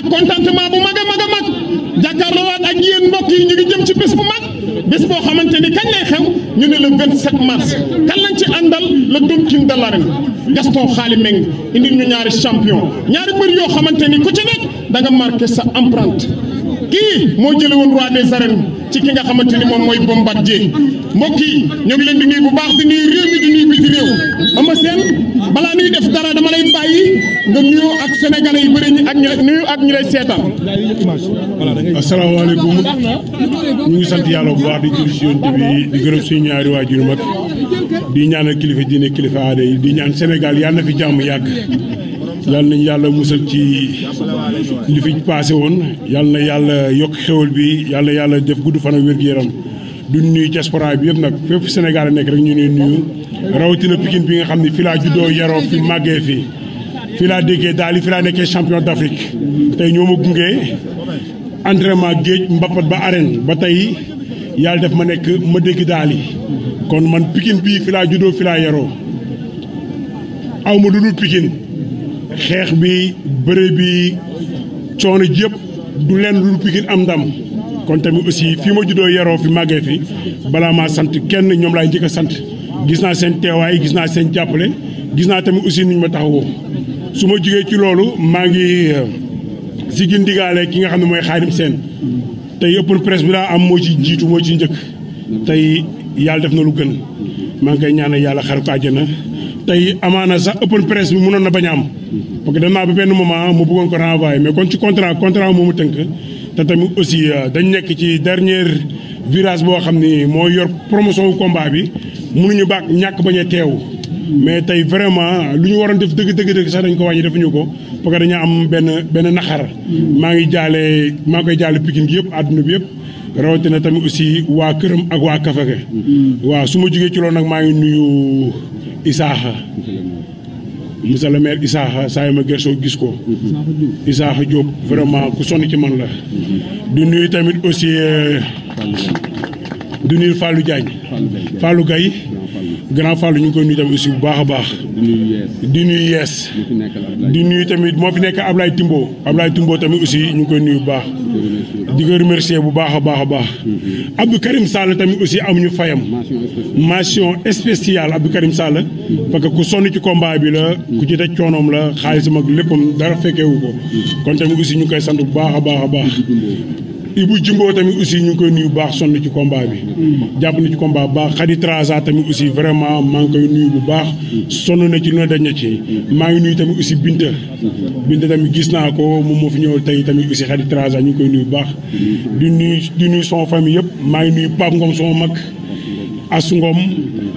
ak contentement bu mag a mag a mag jàkkaarloowaat ak yéen mbokk yi ñu ngi jëm ci bés bu mag bés boo xamante ni kañ lay xew ñu ne le 27 mars kan lañ ci àndal le Don King de l'arène Gaston Xaali Meng indi ñu ñaari champion ñaari mbër yoo xamante ni ku ci nekk da nga marqué sa empreinte kii moo jële woon roi des arènes ci ki nga xamante ni moom mooy Bombardier mbokk yi ñoo ngi leen di nuyu bu baax di nuyu réew mi di nuyu biti réew Eumeu balaa nuy def dara dama lay bàyyi nga nuyoo ak sénégalais yu bëri ñi ak ñu nuyu ak ñu lay ñu ngi sant yàlla bu baax di julli si yonent bi di gërëm suñu ñaari waajur mag di ñaanal kilifa diine kilifa aada yi di ñaan senegal yàlla na fi jàmm yàgg. yàlla nañu yàlla musal ci li fi passé woon yàlla na yàlla yokk xéwal bi yàlla yàlla def gudd fan ak wér-gu-yaram du nuyu diaspora bi yëpp nag fépp Sénégal nekk rek ñu ne nuyu rawatina Pikine bi nga xam ne fi laa juddoo yaroo fi màggee fi fi laa déggee daal yi fi laa nekkee champion d'Afrique tey ñoo ma gunge entraînement géej mbappat ba arène ba tey yàlla def ma nekk ma dégg daal yi kon man Pikine bii fi laa juddoo fi laa yaroo aw ma lu dul xeex bi bëre bi coono yëpp du leen lu Pikine am ndam kon tamit aussi fii ma juddoo yaroo fi màggee fi balaa maa sant kenn ñoom laay njëkk sant gis naa seen teewaay gis naa seen jàppale gis naa tamit aussi ni ma ma taxawoo su ma jugee ci loolu maa ngi euh, si gin digaale ki nga xam ne mooy Xaadim Seen tey open presse bi laa am moo ci njiitu moo ci njëkk tey yàlla def na lu gën maa ngi koy ñaanal yàlla xaru ko àjjana tey amaana sax open presse bi mënoon na bañ am parce que ba benn moment mu bëggoon ko renvoyer mais kon ci contrat contrat moomu tënk te tamit aussi euh, dañ nekk ci dernière virage boo xam ni moo yor promotion wu combat bi mënuñu baax ñàkk bañ a teew mais tey vraiment lu ñu waroon def dëgg dëgg dëgg sax dañ ko wàññi defuñu ko parce que am benn benn naxar maa ngi jaale maa ngi koy jaale Pikine gi yëpp àdduna bi yëpp rawatina tamit aussi waa këram ak waa Kafaga mm. waaw su ma jugee ci loolu nag maa ngi nuyu Isaaxa monsieur le maire Isaaxa saa yu ma gersoo gis ko Isaaxa Diop vraiment ku sonn ci man la du nuyu tamit aussi euh, du nuy Fallou Diagne Fallou Gaye Grand Fall ñu ngi koy nuyu tamit aussi bu baax a baax. di nuy yees di nuyu tamit moo fi nekk Ablaye ab Ablaye Timbo tamit aussi ñu ngi koy nuyu bu baax. di ko remercier bu baax a baax a baax. Mm-hmm. Abdou Karim Sall tamit aussi amuñu fayam. mention spéciale Abdou Karim Sall. Mm-hmm. parce que ku sonn ci combat bi la. ku ci daj coonoom la xaalisam mag léppam dara fekkewu ko. Mm-hmm. kon tamit aussi ñu ngi koy sant bu baax a baax a baax. Ibu Jumbo tamit aussi ñu ngi koy nuyu baax sonn ci combat bi. jàpp na ci combat bu baax Khady trasa tamit aussi vraiment maa ngi koy nuyu bu baax. sonn na ci lu ne dañ na ci. maa ngi nuyu tamit aussi Binta. Binta tamit gis naa ko moom moo fi ñëw tey tamit aussi Khady Traza ñu ngi koy nuyu bu baax. di nuyu di nuyu sama famille yëpp maa ngi nuyu Pape Ngom sama mag. Asu Ngom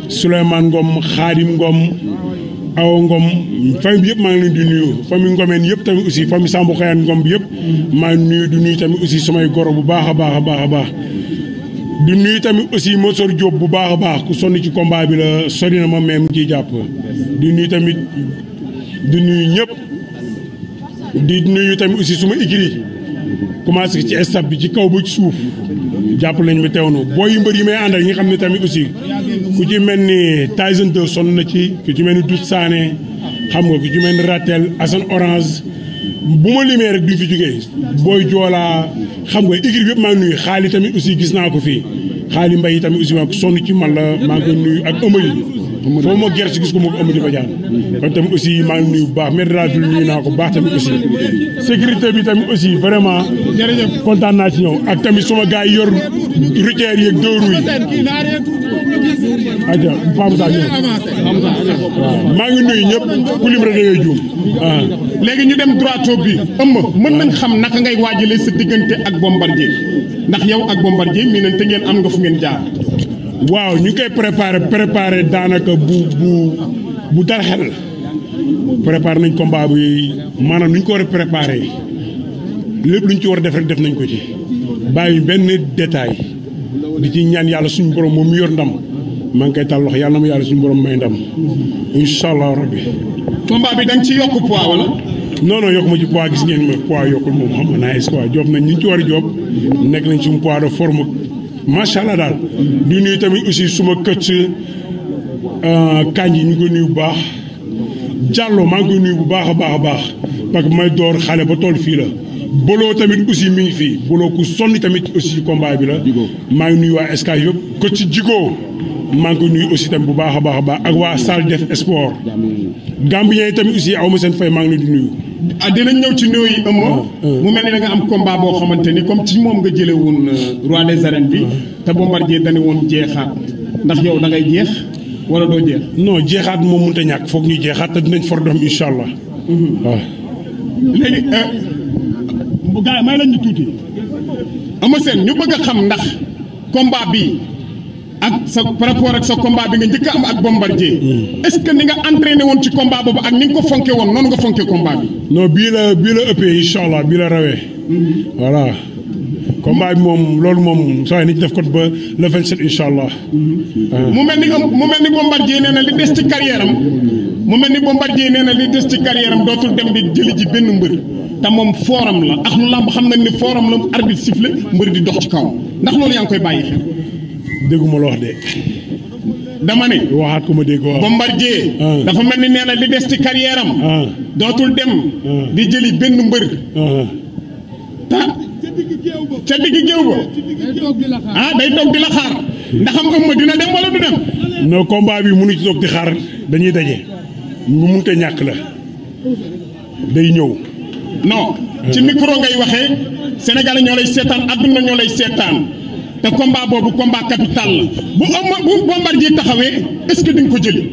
Souleymane Ngom Khadim Ngom. aw Ngom famille yëpp maa ngi leen di nuyu famille Ngomeen yëpp tamit aussi famille Sambu Xayaan Ngom bi yëpp maa ngi nuyu di tamit aussi samay goro bu baax a baax a baax a baax tamit aussi Mosor Diop bu baax a baax ku sonn ci combat bi la sori na ma même ciy jàpp di nuyu tamit di nuyu ñëpp di nuyu aussi suma igri commencé ci stade bi ci kaw ba ci suuf jàpp lañu ma teew na booy yu mbër yi may àndal yi nga xam ne tamit aussi ku ci mel ni Tyson 2 son na ci ku ci mel ni Doudou Sané xam nga ku ci mel ni Ratel Assane Orange bu ma limee rek duñ fi jógee booy joolaa xam nga équipe yëpp maa ngi nuyu xaali tamit aussi gis naa ko fii xaali mbay tamit aussi maa ko ci man la maa ak ëmb gerte gis ko moo ko ëmb di ba jaan maa bu baax maître Ratel nuyu naa ko baax tamit aussi sécurité bi tamit aussi vraiment kontaan naa ci ak tamit suma gars yi yor routière yeeg dóoru yi aja Pape Moussa ñëw waaw maa ngi nuyu ñëpp ku lim rek ah. léegi ñu dem droit bi ëmb mën nañ xam naka ngay waajalee sa diggante ak bombar ji ndax yow ak bombardier mii nañ te ngeen am nga fu ngeen jaar waaw ñu koy préparé préparé daanaka bu bu bu dara xel préparé nañ combat bi maanaam ni ñu ko war a préparé lépp lu ci war a def rek def nañ ko ci bàyyi benn détail di ci ñaan yàlla suñu borom moom mu yor ndam maa ngi koy tàll loxo yàlla mu ma yàlla suñu borom may ndam incha allah rabbi. combat bi da nga ci yokk poids wala. non yokk ma ci poids gis ngeen ma poids yokkul moom xam nga naa espoir joob nañ ñi ci war a nekk nañ ci un poids de forme macha allah daal. di nuyu tamit aussi suma këcc kañ yi ñu ko bu baax Diallo maa ngi koy bu baax a baax a may door xale ba tool fii la. Bolo tamit aussi mi ngi fii Bolo ku sonni tamit aussi combat bi la. maa ngi nuyu waa SK yëpp. ko jigoo maa ngi nuyu aussi tamit bu baax a baax a baax ak waa salle def sport Gambien yi tamit aussi aw ma seen fay maa ngi di nuyu. ah dinañ ñëw ci nuyu yi Eumeu. Ah, ah. mu mel ni da nga am combat boo xamante ni comme ci moom nga jëlee woon euh, roi des arènes bi te Bombardier dañu woon jeexaat ndax yow da ngay jeex wala doo jeex. non jeexaat moom mënut a ñàkk foog ñu jeexaat te dinañ for doom incha allah. waaw. Mm-hmm. Ah. léegi euh, gars yi may lañ ñu tuuti. Eumeu Sène ñu bëgg xam ndax combat bi ak sa parapor ak sa combat bi nga njëkk am ak Bombardier. Mm. est-ce que ni nga entraîné woon ci combat boobu ak ni nga ko fonke woon noonu nga fonke combat bi. non bii la bii la ëppee incha allah bii la rawee. Mm-hmm. voilà. combat bi moom loolu moom saa yi nañ def ko ba le 27 incha allah. mu mel ni mu mel ni Bombardier nee na li des ci carrière mu mel ni Bombardier nee na li des ci carrière am dootul dem di jëli ji benn mbër. te moom forum la ak lu lamb xam nañ ne forum la arbitre sifflé mbër di dox ci kaw ndax loolu yaa ngi koy bàyyi dégguma la wax de. dama ne. waxaat ku ma dégg waaw. Bombardier. Ah. dafa mel ni nee na li des ci carrière ah. dootul dem. Ah. di jëli benn mbër. ta ca digg géew ba. ah day toog di la xaar. ndax xam nga dina dem wala du dem. non combat bi mënu ci toog di xaar dañuy daje. mu mënut a ñàkk la. day ñëw. non. ci micro ngay waxee. senegal ñoo lay seetaan adduna ñoo lay seetaan. te combat boobu combat capital la bu am bu ji taxawee est-ce que di ko jëli.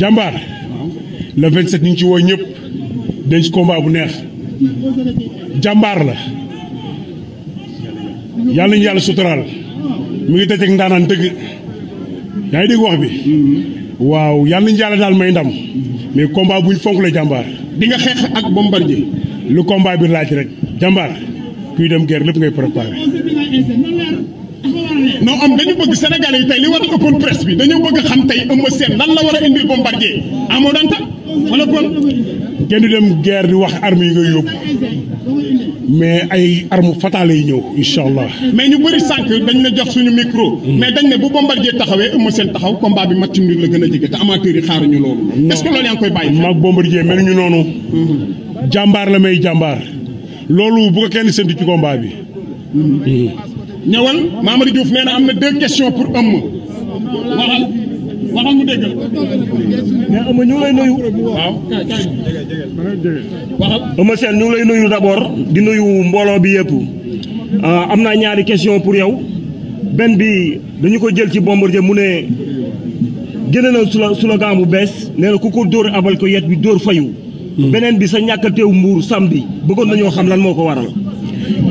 jàmbaar le 27 ñu ngi ci woo ñëpp denc ci bu neex jàmbaar la yàlla ñu yàlla suturaal mu ngi dajeeg ndaanaan dëgg yaa ngi dégg wax bi. waaw yàlla ñu yàlla daal may ndam mais combat buñ fonk la jàmbaar. di nga xeex ak Bombardier. lu combat bi laaj rek jàmbaar kuy dem guerre lépp ngay préparé. non am dañu bëgg Sénégalais yi tey li war a ëppoon presse bi dañoo bëgg xam tey Eumeu Sène lan la war a indil Bombardier amoo danta wala kon kenn du dem guerre di wax armes yi ngay yóbbu mais ay armes fatales yi ñëw incha allah. mais ñu bëri sànq dañ la jox suñu micro. mais dañ ne bu Bombardier taxawee Eumeu seen taxaw combat bi match nul la gën a jege te amateurs yi xaaruñu loolu. est-ce que loolu yaa ngi koy mel ñu noonu. Mm-hmm. jàmbaar la may jàmbaar. loolu bu ko kenn séntu ci komba bi. Mm-hmm. Mm. ñëwal Mamadou Diouf mee na am na deux questions pour ëmm waxal waxal mu dégg la. mais ëmm ñu ngi nuyu. waaw seen ñu ngi lay nuyu d'abord di noyu mbooloo bi yëpp euh, am naa ñaari question pour yow benn bi dañu ko jël ci ji mu ne génne na slogan bu bees nee na ku ko dóor abal ko yet bi dóor fayu. Hmm. beneen bi sa ñàkkateew mbuur samedi bëggoon nañoo xam lan moo ko waral.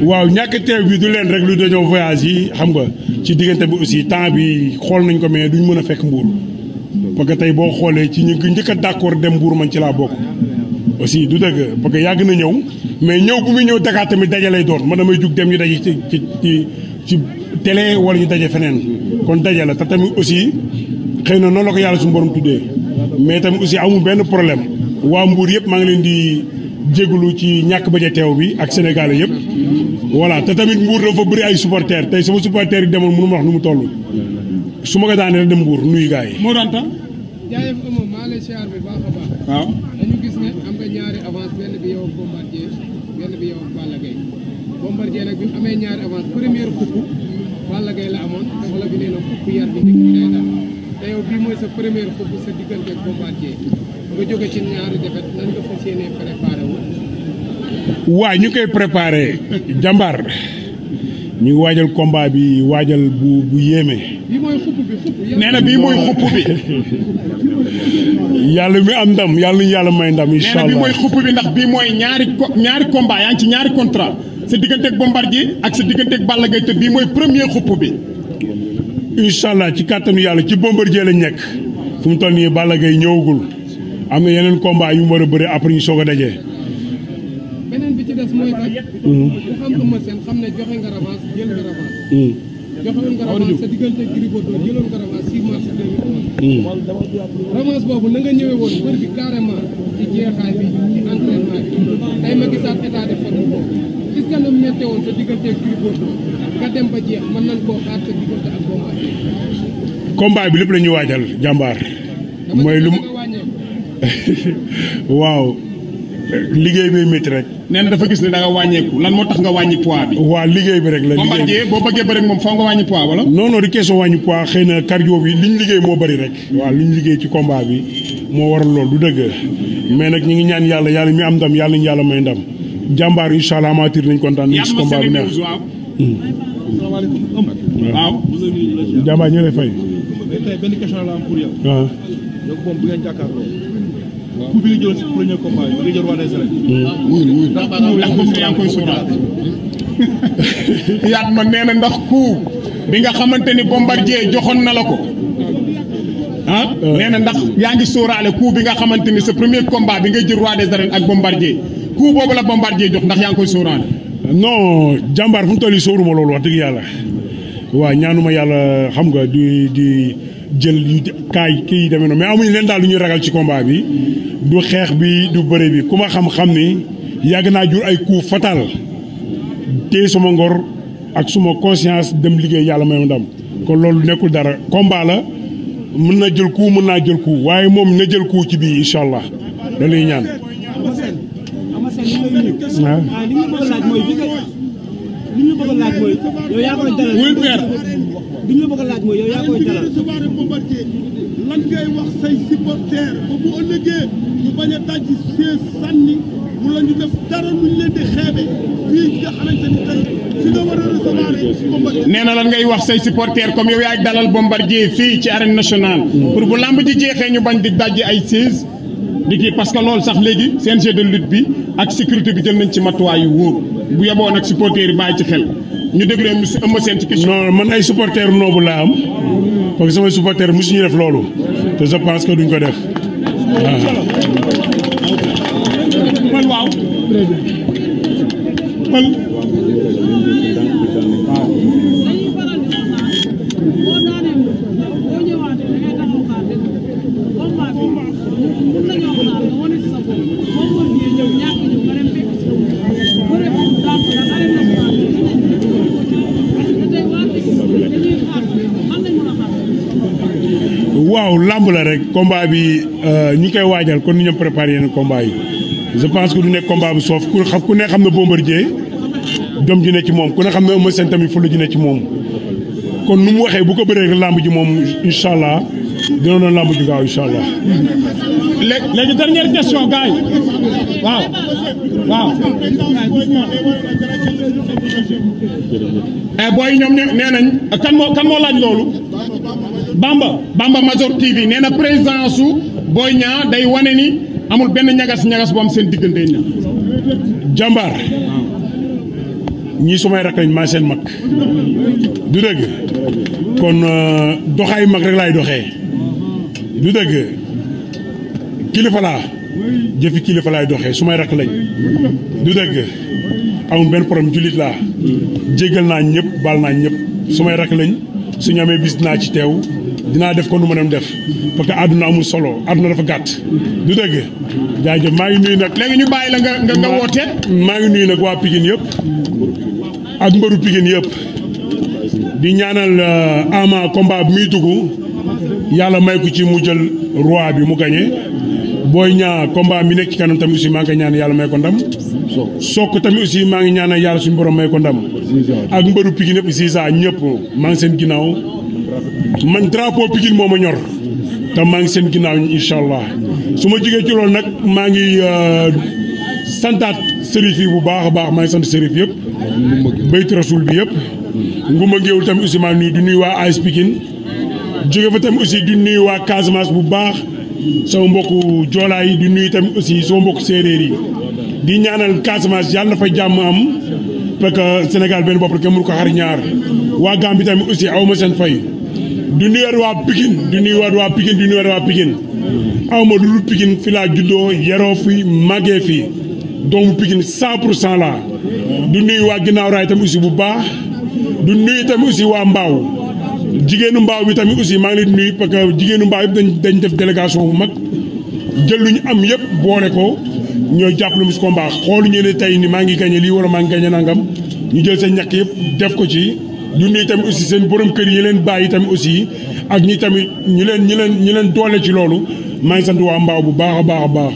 waaw ñàkk teew bi du leen rek lu ñëw voyage yi xam nga ci diggante bi aussi temps bi xool nañ ko mais duñ mën a fekk mbuur parce que tey boo xoolee ci ñu njëkk a d'accord dem mbuur man ci laa bokk aussi du dëgg parce que yàgg na ñëw mais ñëw bu muy ñëw Dakar tamit daje lay doon man may jug dem ñu daje ci ci ci ci télé wala ñu daje feneen kon dajale la te tamit aussi xëy na noonu la ko yàlla suñu borom tuddee mais tamit aussi amul benn problème waa mbuur yëpp maa ngi leen di jégalu ci ñàkk baja teew bi ak Sénégalais yëpp voilà te tamit Mbour dafa bari ay supporters tey sama supporters yi demoon mënu ma wax nu mu toll. su ma ko daanee dem Mbour nuyu gars yi. moo daan tax. jaayef amoo maa ngi lay siyaar baax a baax. waaw dañu gis ne am nga ñaari avance benn bi yow ak benn bi yow ak nag bi amee ñaari avance première coupe Balla Gaye la amoon dafa la fi nee na yar bi njëkk te yow bii mooy sa première coupe sa diggante ak Bombardier nga jóge ci ñaari défaite nan nga waaw ñu koy préparé jàmbaar ñu waajal combat bi waajal bu bu yéeme. nee na bii mooy xupp bi. yàlla mi am ndam yàlla yàlla may ndam. incha allah nee na mooy xupp bi ndax bii mooy ñaari ñaari yaa ngi ci ñaari contrat sa digganteeg Bombardier ak sa digganteeg Balla Gaye te bii mooy premier xupp bi. incha ci kàttanu yàlla ci bombar Bombardier lañ nekk fu mu toll nii Balla Gaye ñëwagul am na yeneen combat yu mu war a bëri après ñu soog a daje. revanche mooy nag. ku xam Eumeu Sène xam ne joxe nga revanche jël nga revanche. joxewoon nga revanche sa diggante Gris jëloon nga revanche 6 mars boobu na nga woon mbër bi carrément ci jeexaay bi ci entraînement bi tey ma gis nga na méttee woon sa diggante Gris Bordeaux ba jeex mën nañ koo xaar sa diggante ak combat bi. combat bi lépp la ñu waajal jàmbaar. waaw. liggéey bi métti rek. nee na dafa gis ne da nga wàññeeku lan moo tax nga wàññi poids bi. waaw liggéey bi rek la. liggéey bi boo bëggee bëri moom foo nga wàññi poids wala. non non di question wàññi poids xëy na cardio bi li ñu liggéey moo bëri rek. waa li ñu liggéey ci combat bi moo waral lool du dëgg mais nag ñu ngi ñaan yàlla yàlla mi am ndam yàlla ñu yàlla may ndam jàmbaar incha allah amatir nañ kontaan nañ ci combat bi neex. Hmm. ñu lay fay. tey benn question ku fi jël premier combat bi nga jël waa des rek. Mm, koy na ndax ku bi nga xamante ni bombardier joxoon na la ko. ah euh. nee na ndax yaa ngi sóoraale coup bi nga xamante ni sa premier combat bi nga jël roi des arènes ak bombardier coup boobu la bombardier jox ndax yaa ngi koy non jàmbaar fu mu toll nii sóoruma loolu wax dëgg yàlla waaw yàlla xam nga di di jël yu kaay kii yi demee noonu mais amuñu leen daal lu ñuy ragal ci combat bi du xeex bi du bëre bi ku ma xam-xam ni yàgg naa jur ay coup fatal téye suma ngor ak suma conscience dem liggéey yàlla may ndam kon loolu nekkul dara combat la mën na jël coup mën naa jël coup waaye moom na jël coup ci bii incha allah dañuy ñaan. lan ngay na lan ngay wax say supporter comme yaa yaay dalal bombardier fii ci arène nationale. pour bu lamb ji jeexee ñu bañ di daj ay sées. di parce que loolu sax léegi CNG de lutte bi ak sécurité bi jël nañ ci matuwaay yu wóor bu yeboon ak supporter yi bàyyi ci xel ñu déglu leen monsieur Eumeu Sène ci question. man ay supporter noobu laa am parce que samay supporter mosu ñu def loolu. te je pense que duñ ko def waaw. combat bi euh, ñu ngi koy waajal kon ni ñoom préparé yenn combat yi je pense que du nekk combat bu soof ku xam ku ne xam na Bombardier jom ji ne ci moom ku ne xam ne Eumeu Sène tamit fulla ji ne ci moom kon nu mu waxee bu ko bëree rek ji moom incha allah dina doon làmb ji gaaw incha allah. léegi dernière question gars yi waaw waaw. Eh, booy ñoom nee nañ. kan kan moo laaj loolu. Bamba Bamba Major TV nee na présence su Boy Niang day wane ni amul benn ñagas ñagas bu am seen diggante na jàmbaar ñii sumay rak lañ maa seen mag du dëgg kon euh, doxaay mag rek laay doxee du dëgg kilifa laa jëfi kilifa laay doxee sumay rak lañ du dëgg amul benn problème jullit laa jéggal naa ñëpp baal naa ñëpp sumay rak lañ suñu amee bis naa ci teew dinaa def ko nu ma doon def parce que àdduna amul solo àdduna dafa gàtt. du dëgg jaajëf maa ngi nuyu nag. léegi ñu bàyyi la nga nga maa ngi nuyu nag waa Pikine yëpp ak mbëru Pikine yëpp di ñaanal euh, Ama combat bi muy dugg yàlla may ko ci mu jël roi bi mu gagné. booy ñaa combat mi nekk ci kanam tamit aussi maa ngi koy ñaan yàlla may ko ndam. sook tamit aussi maa ngi ñaanal yàlla suñu borom may ko ndam. ak mbëru Pikine yëpp Ziza ñëpp maa ngi seen ginnaaw. man drapeau Pikine moo ma ñor te maa ngi seen ginnaaw incha allah su ma jógee ci nag maa ngi euh, santaat sërif yi bu baax a baax maa ngi sant sërif yëpp bayt rasul bi yëpp nguma ngéewul tamit aussi maa nuyu du nuyu waa AS Pikine jóge fa tamit aussi du nuyu waa Casamance bu baax sama mbokku joolaa yi du nuyu tamit aussi sama mbokku séeréer yi di ñaanal Casamance yàlla na fa jàmm am parce que Sénégal benn bopp rek kenn mënu ko xar ñaar waa Gambie tamit aussi aw ma seen fay du nuyuwaat waa Pikine du nuyuwaat waa Pikine du nuyuwaat waa Pikine aw ma lu Pikine fi laa juddoo yaroo fi màggee fi doomu Pikine cent pour cent la du nuyu waa ginnaaw raay tamit aussi bu baax du nuyu tamit aussi waa Mbaaw jigéenu Mbaaw bi tamit aussi maa ngi leen di nuyu parce jigéenu Mbaaw yëpp dañ dañ def délégation bu mag jël lu ñu am yëpp boole ko ñooy jàppale mu si combat xool ñu ne tey ni maa ngi gagné lii wala maa ngi gagné nangam ñu jël sa ñàkk yëpp def ko ci. ñu nii tamit aussi seen borom kër yi leen bàyyi tamit aussi ak ñi tamit ñu leen ñi leen ñi leen doole ci loolu maa ngi sant waa mbaaw bu baax a baax a baax